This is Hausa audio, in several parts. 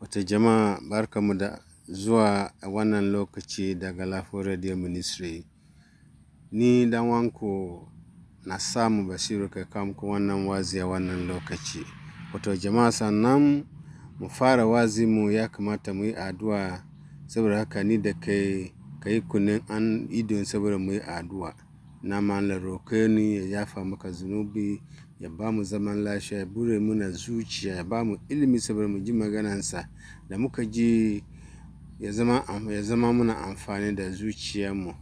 Wato jama'a barkanmu da zuwa wannan lokaci daga Lafiyar Radio Ministry. Ni dan wanku na samu Basiru kai kawo wannan wazi a wannan lokaci. Wato jama'a sannan mu fara wazi mu ya kamata mu yi addu'a saboda haka ni da kai kayi yi an idon saboda mu yi addu'a. na mana ni ya yafa maka zunubi ya ba mu zaman lafiya ya bure muna zuciya ya ba mu ilimi saboda mu ji maganansa da muka ji ya zama muna amfani da zuciyarmu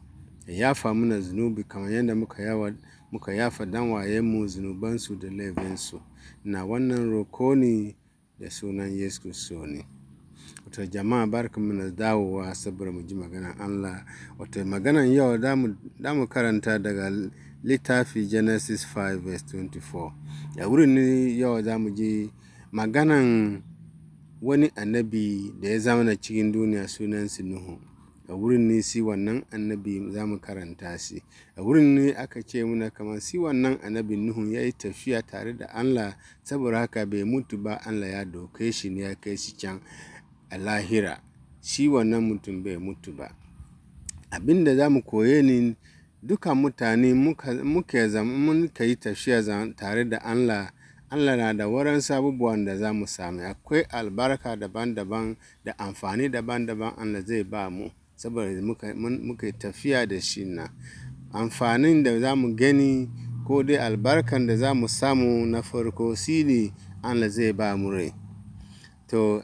ya yafa muna zunubi kamar yadda muka yawa yafa dan mu zunubansu da laifinsu na wannan roƙo ne da sunan Yesu Kristo ne Wato jama'a barkanmu mana dawowa saboda mu ji maganar Allah. Wato maganar yau da mu karanta daga littafi Genesis 5 verse 24. ya wurin ni yau za mu ji maganan wani annabi da ya zama na cikin duniya sunan Nuhu. A wurin ne si wannan annabi za mu karanta shi. A wurin ne aka ce muna kamar si wannan annabi Nuhu ya yi tafiya tare da Allah saboda haka bai mutu ba Allah ya doke shi ne ya kai shi can. a lahira shi wannan mutum bai mutu ba abin da za mu koye ni duka mutane muka zama muka yi tafiya tare da allah allah na da wurin sabubuwan da za mu sami akwai albarka daban-daban da amfani daban-daban allah zai ba mu saboda muka yi tafiya da shi na amfanin da za mu gani ko dai albarkan da za mu samu na farko shi ne allah zai ba mu rai to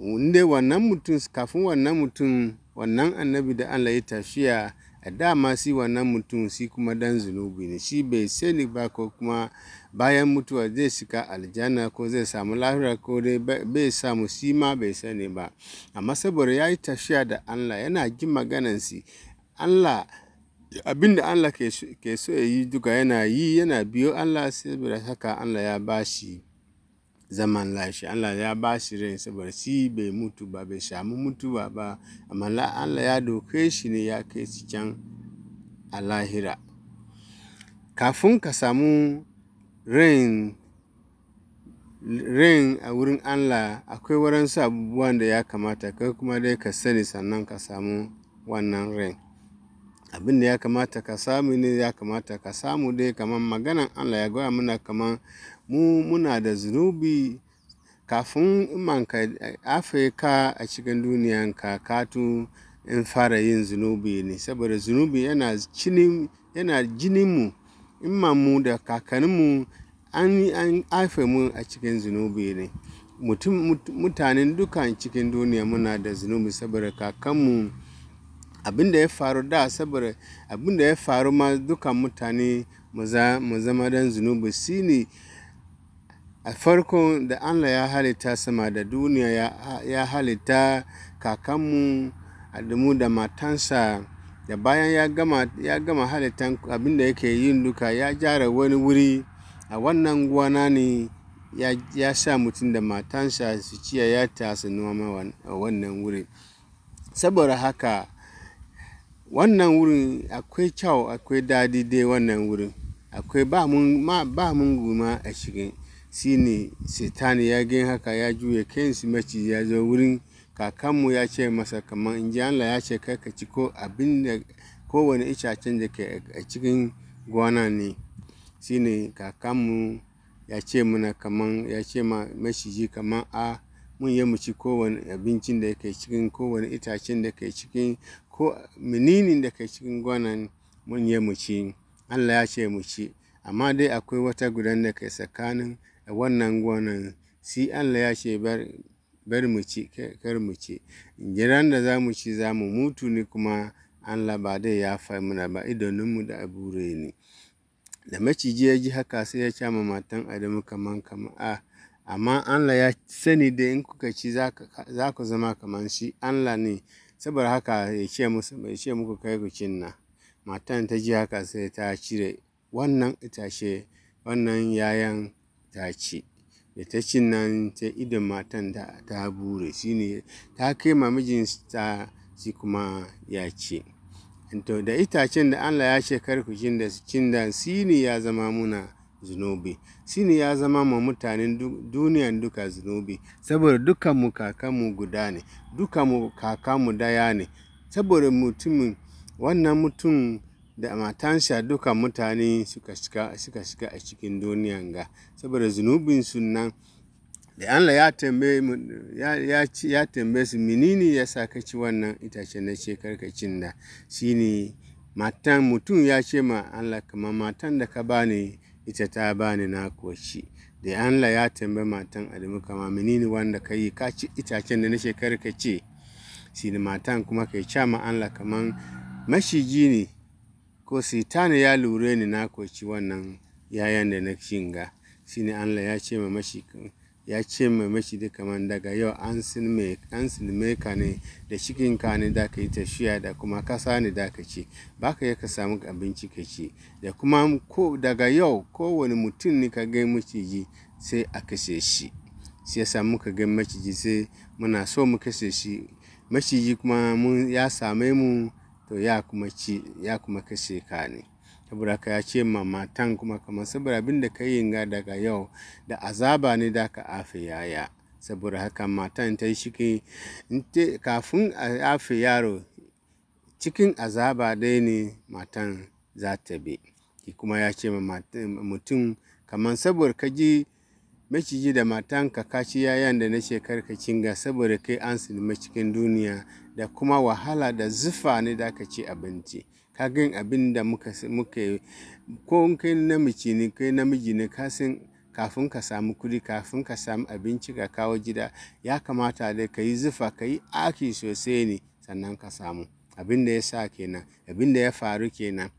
inda wannan mutum kafin wannan mutum wannan annabi da Allah ya tafiya a dama si wannan mutum si kuma dan zunubi ne shi bai sani ba ko kuma bayan mutuwa zai shiga aljanna ko zai samu lahira ko dai bai samu shi ma bai sani ba amma saboda ya yi tafiya da Allah yana jin maganan si Allah abin da Allah ke so ya yi duka yana yi yana biyo Allah sai haka Allah ya bashi zaman lafiya. Allah ya ba shi rai saboda shi bai mutu ba, bai samu mutuwa ba amma Allah ya doke shi ne ya kai shi can a lahira. Kafin ka samu rain, a wurin Allah akwai waransu abubuwan da ya kamata kai kuma dai ka sani sannan ka samu wannan rain. abin da ya kamata ka samu ne ya kamata ka samu dai kamar maganan Allah ya goya muna kamar mu muna da zunubi kafin ka afirka a cikin ka katu in fara yin zunubi ne saboda zunubi yana jinin yana jininmu mu da mu an an haife mu a cikin zunubi ne mutum mutanen dukan cikin duniya muna da zunubi saboda kakanmu abin da ya faru da saboda abin da ya faru ma dukan mutane mu zama dan zunubi shi ne a farko da Allah ya halitta sama da duniya ya halitta kakanmu Adamu da matansa da bayan ya gama, ya abin da yake yin duka ya gyara wani wuri a wannan gwana ne ya, sha sa mutum da matansa su ciya ya tasa noma a wannan wuri saboda haka wannan wurin akwai kyau akwai daɗi dai wannan wurin akwai ba mun guma a cikin shi ne setani ya gan haka ya juya kayansu maci ya zo wurin kakanmu ya ce masa kamar in ji Allah ya ce kai ka ci ko abin da kowane itacen da ke a cikin gwana ne shi ne kakanmu ya ce mana kamar ya ce ma maciji kamar a ah, mun yi mu ci kowane abincin da ke cikin kowane itacen da ke cikin ko mininin da ke cikin gonan mun yi mu ci Allah ya ce mu ci amma dai akwai wata gudan da ke tsakanin wannan gonan si Allah ya ce bar bar mu ci kar mu ci jiran da zamu ci zamu mutu ne kuma Allah ba dai ya fa muna ba mu da abure ne da maciji ya ji haka sai ya ma matan Adamu kaman kaman a amma Allah ya sani da in kuka ci za ku zama kaman shi Allah ne saboda haka ya ce muku kai ku cinna matan ta ji haka sai ta cire wannan itace wannan yayan ta ci da ta cinna ta idon matan da ta bure ne ta kai ma mijinta shi kuma ya ci da itacen da Allah ya ce kar ku cin da cin da ya zama muna zunubi ne ya zama ma mutanen duniyan duka zunubi saboda kaka kakanmu guda ne duka kaka kakanmu daya ne saboda mutumin wannan mutum da matansa duka mutane suka shiga a cikin duniyan ga saboda zunubin sunan da Allah ya ya tambaye su menene ya sa ka ci wannan itace na ce karkacin da ne matan mutum ya ce ma Allah kamar matan da ka bani ita ta bani na kuwa ci da Allah ya tambayi matan Adamu kama menene wanda ka yi ka ci itacen da na shekaru ka ce shi matan kuma kai ca ma Allah kaman mashigi ne ko sitani ya lure ni na koci wannan yayan da na shinga shi ne Allah ya ce ma mashigi ya ce mai maciji kamar daga yau an silme ka ne da cikin ka ne da ka yi tafiya da kuma kasa ne da ka ci ba ka ka samu abinci ka ci da kuma daga yau kowane mutum ne ka gai maciji sai a kashe shi sai yasa muka ga maciji sai muna so mu kashe shi maciji kuma ya same mu to ya ya kuma kashe ka ne saboda haka ya ce ma matan kuma kamar saboda abin da ka yi ga daga yau da azaba ne da ka afe yaya saboda haka matan ta yi shiki kafin a afe yaro cikin azaba dai ne matan za ta bi kuma ya ce ma mutum kamar saboda ka ji maciji da matan ka kaci yayan da na shekar ka cinga saboda kai an sinima cikin duniya da kuma wahala da zufa ne da ka ci abinci kagan abin da muka yi ko kai namiji ne kai namiji ne ka san kafin ka samu kuɗi kafin ka samu abinci ka kawo gida ya kamata da ka yi zufa ka yi aki sosai ne sannan ka samu abin da ya sa kenan abin da ya faru kenan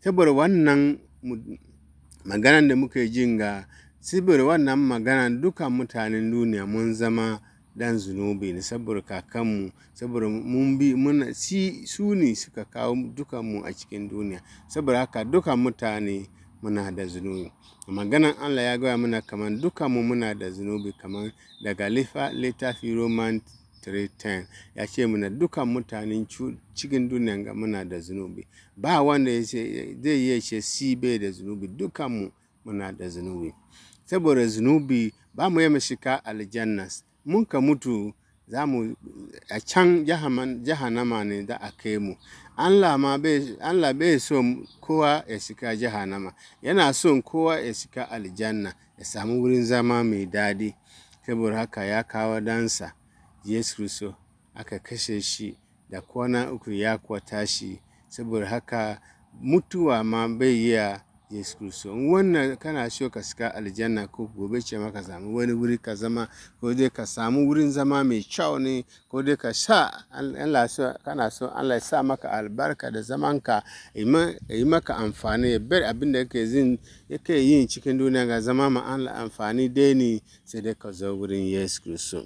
saboda wannan maganan da muka yi jin ga saboda wannan maganan dukan mutanen duniya mun zama dan zunubi ne saboda kakanmu saboda mun bi muna si su ne suka kawo dukanmu a cikin duniya saboda haka dukan mutane muna da zunubi maganan allah ya gaya mana kamar dukanmu muna da zunubi kamar daga littafi roman 3:10 ya ce muna dukan mutanen cikin duniya ga muna da zunubi ba wanda zai iya ce si bai da zunubi dukanmu muna da zunubi saboda zunubi ba mu yi mashika aljannas mun ka mutu za mu a can jahannama ne da a kai mu allah bai so kowa ya shiga jahannama yana so kowa ya shiga aljanna ya samu wurin zama mai daɗi saboda haka ya kawo dansa yesu so aka kashe shi da kwana uku ya kwata shi saboda haka mutuwa ma bai a yesu kristo in wannan kana so ka shiga aljanna ko gobe ce maka samu wani wuri ka zama ko dai ka samu wurin zama mai kyau ne ko dai ka sha Allah so kana so Allah ya sa maka albarka da zamanka yi maka amfani ya bar abin da yake zin yake yin cikin duniya ga zama ma Allah amfani dai ne sai dai ka zo wurin yesu kristo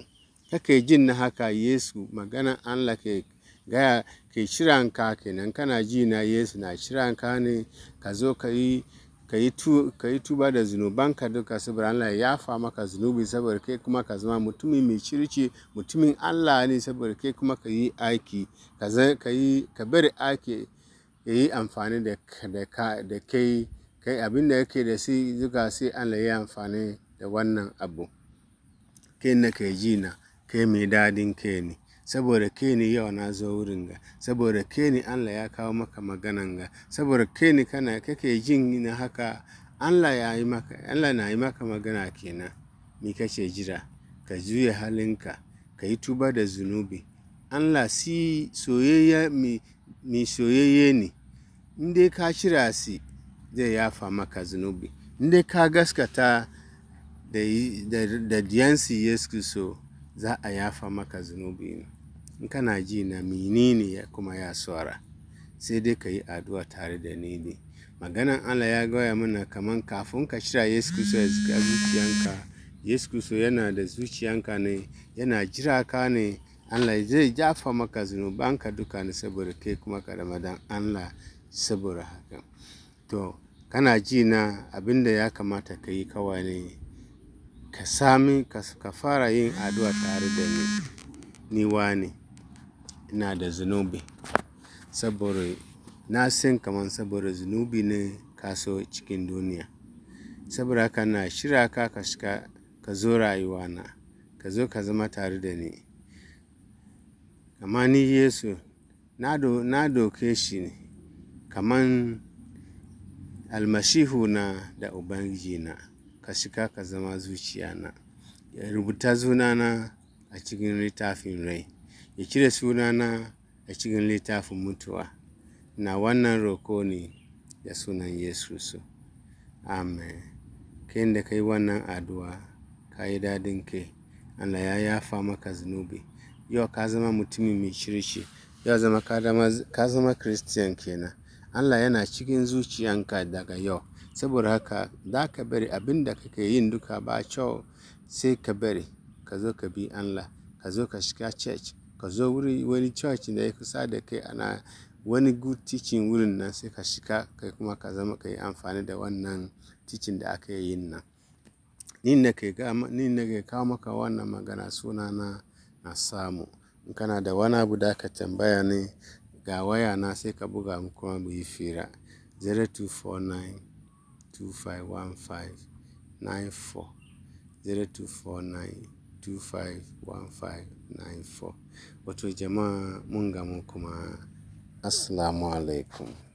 kake jin na haka yesu magana Allah ke gaya ke ka kenan kana ji na Yesu na kiranka ne ka zo ka yi ka yi tu ka yi tuba da zunubanka duka saboda Allah ya fa maka zunubi saboda kai kuma ka zama mutumin mai kirki mutumin Allah ne saboda kai kuma ka yi aiki ka bar bari aiki ya yi amfani da kai kai abin da yake da su zuka sai Allah ya amfani da wannan abu kai na kai ji na kai mai dadin kai ne saboda ke ne yau na zo wurin ga saboda ke ne Allah ya kawo maka maganan ga saboda ke ne kana kake jin na haka Allah ya yi maka Allah na yi maka magana kenan ni kace jira ka juya halinka ka yi tuba da zunubi Allah si soyayya mi soyayye ne in dai ka shira si zai yafa maka zunubi in dai ka gaskata da diyansi yesu so za a yafa maka zunubi ne in kana ji na menene kuma ya saura sai dai ka yi addu'a tare da ni ne maganan Allah ya gaya mana kaman kafin ka shira Yesu Kristo ya zuka zuciyanka Yesu Kristo yana da zuciyanka ne yana jira ka ne Allah zai jafa maka zunubanka duka ne saboda kai kuma ka ramadan Allah saboda haka to kana ji na abinda ya kamata ka yi kawai ne ka sami ka fara yin addu'a tare da ni ni ne. ina da zunubi saboda na san kamar saboda zunubi ne ka cikin duniya saboda haka na shirya ka ka shiga ka zo rayuwa na ka zo ka zama tare da ni amma ni yesu na doke shi ne kaman almashihu na da ubangiji na ka shiga ka zama zuciya na rubuta zunana a cikin littafin rai ya cire sunana a cikin littafin mutuwa na wannan roko ne da sunan yesu su amen kai da kai wannan addu'a ka yi dadin kai allah ya yafa maka zunubi yau ka zama mutumin mai shirshi yau zama ka zama kristiyan kenan allah yana cikin zuciyanka daga yau saboda haka za ka bari abin da kake yin duka ba kyau sai ka bari ka zo ka bi allah ka zo ka shiga church ka zo wuri wani church da ya kusa da kai ana wani good teaching wurin nan sai ka shiga kai kuma ka zama ka yi amfani da wannan teaching da aka yi yin nan. Ni na ke kawo maka wannan magana sunana na Samu. In kana da wani abu da ka tambaya ne ga waya na sai ka buga mu kuma mu yi fira. 0249 0249 251594 Wato jama'a mun gamu kuma Assalamu alaikum.